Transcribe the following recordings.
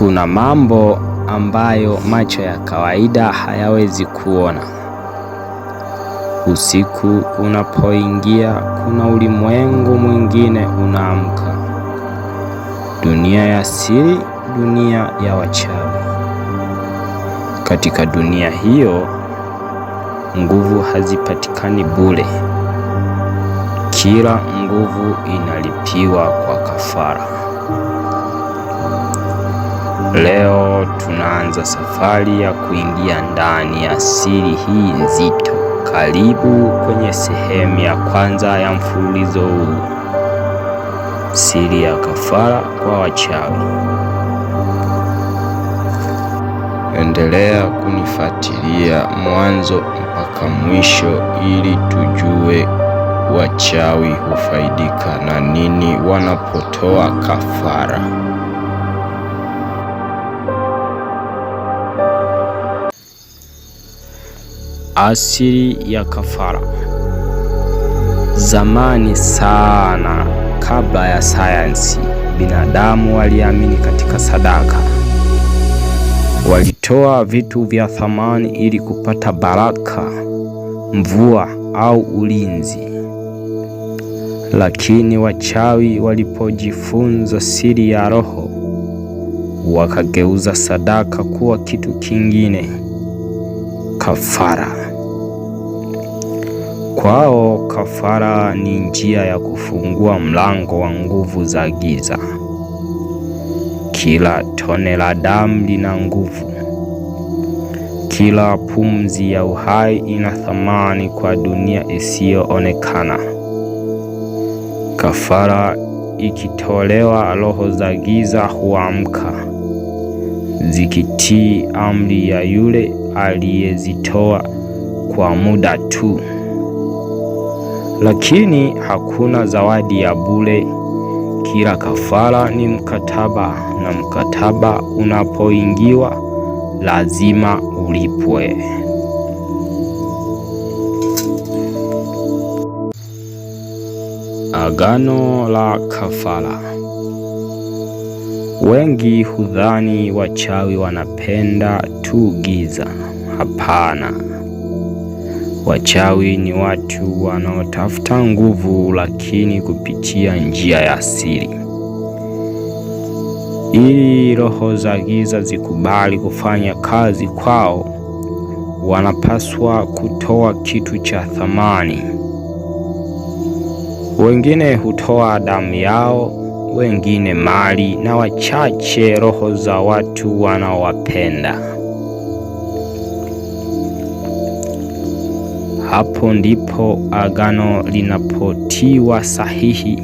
kuna mambo ambayo macho ya kawaida hayawezi kuona. Usiku unapoingia, kuna ulimwengu mwingine unaamka, dunia ya siri, dunia ya wachawi. Katika dunia hiyo, nguvu hazipatikani bure. Kila nguvu inalipiwa kwa kafara. Leo tunaanza safari ya kuingia ndani ya siri hii nzito. Karibu kwenye sehemu ya kwanza ya mfululizo huu, siri ya kafara kwa wachawi. Endelea kunifuatilia mwanzo mpaka mwisho ili tujue wachawi hufaidika na nini wanapotoa kafara. Asili ya kafara. Zamani sana kabla ya sayansi, binadamu waliamini katika sadaka. Walitoa vitu vya thamani ili kupata baraka, mvua au ulinzi. Lakini wachawi walipojifunza siri ya roho, wakageuza sadaka kuwa kitu kingine, kafara. Kwao kafara ni njia ya kufungua mlango wa nguvu za giza. Kila tone la damu lina nguvu. Kila pumzi ya uhai ina thamani kwa dunia isiyoonekana. Kafara ikitolewa, roho za giza huamka, zikitii amri ya yule aliyezitoa kwa muda tu. Lakini hakuna zawadi ya bure. Kila kafara ni mkataba, na mkataba unapoingiwa lazima ulipwe. Agano la kafara. Wengi hudhani wachawi wanapenda tu giza. Hapana. Wachawi ni watu wanaotafuta nguvu, lakini kupitia njia ya asili. Ili roho za giza zikubali kufanya kazi kwao, wanapaswa kutoa kitu cha thamani. Wengine hutoa damu yao, wengine mali, na wachache roho za watu wanaowapenda. Hapo ndipo agano linapotiwa sahihi,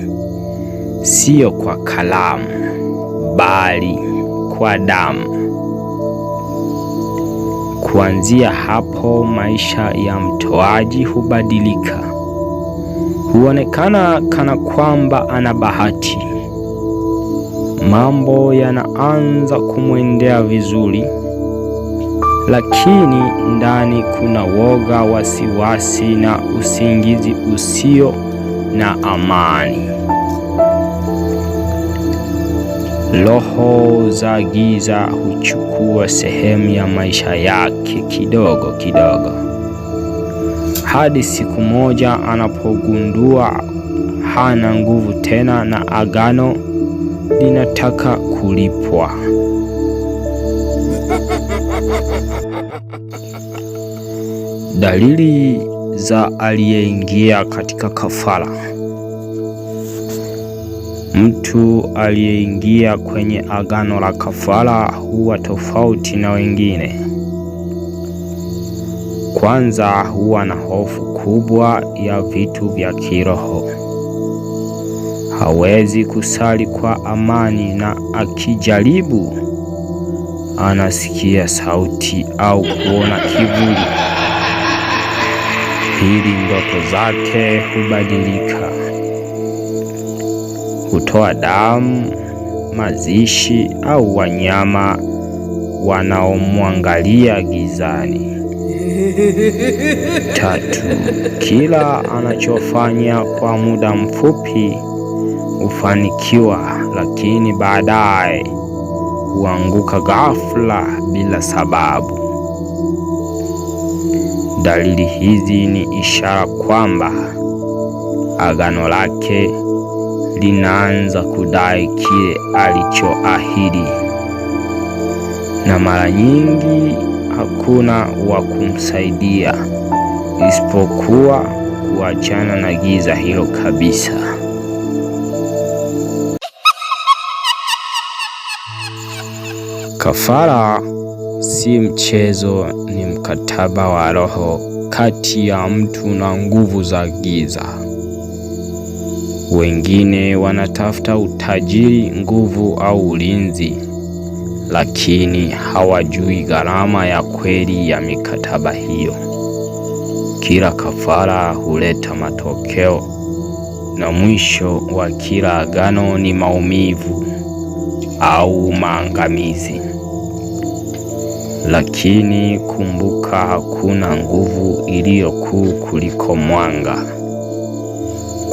sio kwa kalamu, bali kwa damu. Kuanzia hapo, maisha ya mtoaji hubadilika. Huonekana kana kwamba ana bahati, mambo yanaanza kumwendea vizuri lakini ndani kuna woga, wasiwasi na usingizi usio na amani. Roho za giza huchukua sehemu ya maisha yake kidogo kidogo, hadi siku moja anapogundua hana nguvu tena na agano linataka kulipwa. Dalili za aliyeingia katika kafara. Mtu aliyeingia kwenye agano la kafara huwa tofauti na wengine. Kwanza, huwa na hofu kubwa ya vitu vya kiroho. Hawezi kusali kwa amani na akijaribu anasikia sauti au kuona kivuli, ili ndoto zake hubadilika, hutoa damu, mazishi au wanyama wanaomwangalia gizani. Tatu, kila anachofanya kwa muda mfupi hufanikiwa, lakini baadaye huanguka ghafla bila sababu. Dalili hizi ni ishara kwamba agano lake linaanza kudai kile alichoahidi, na mara nyingi hakuna wa kumsaidia isipokuwa kuachana na giza hilo kabisa. Kafara si mchezo, ni mkataba wa roho kati ya mtu na nguvu za giza. Wengine wanatafuta utajiri, nguvu au ulinzi, lakini hawajui gharama ya kweli ya mikataba hiyo. Kila kafara huleta matokeo na mwisho wa kila agano ni maumivu au maangamizi. Lakini kumbuka, hakuna nguvu iliyo kuu kuliko mwanga,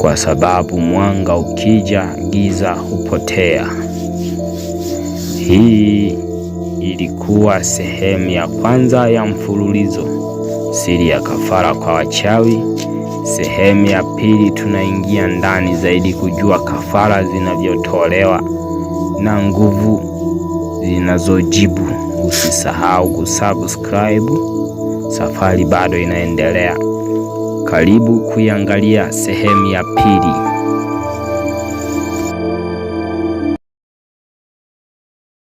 kwa sababu mwanga ukija, giza hupotea. Hii ilikuwa sehemu ya kwanza ya mfululizo Siri ya Kafara kwa Wachawi. Sehemu ya pili, tunaingia ndani zaidi kujua kafara zinavyotolewa na nguvu zinazojibu usisahau kusubscribe, safari bado inaendelea. Karibu kuiangalia sehemu ya pili.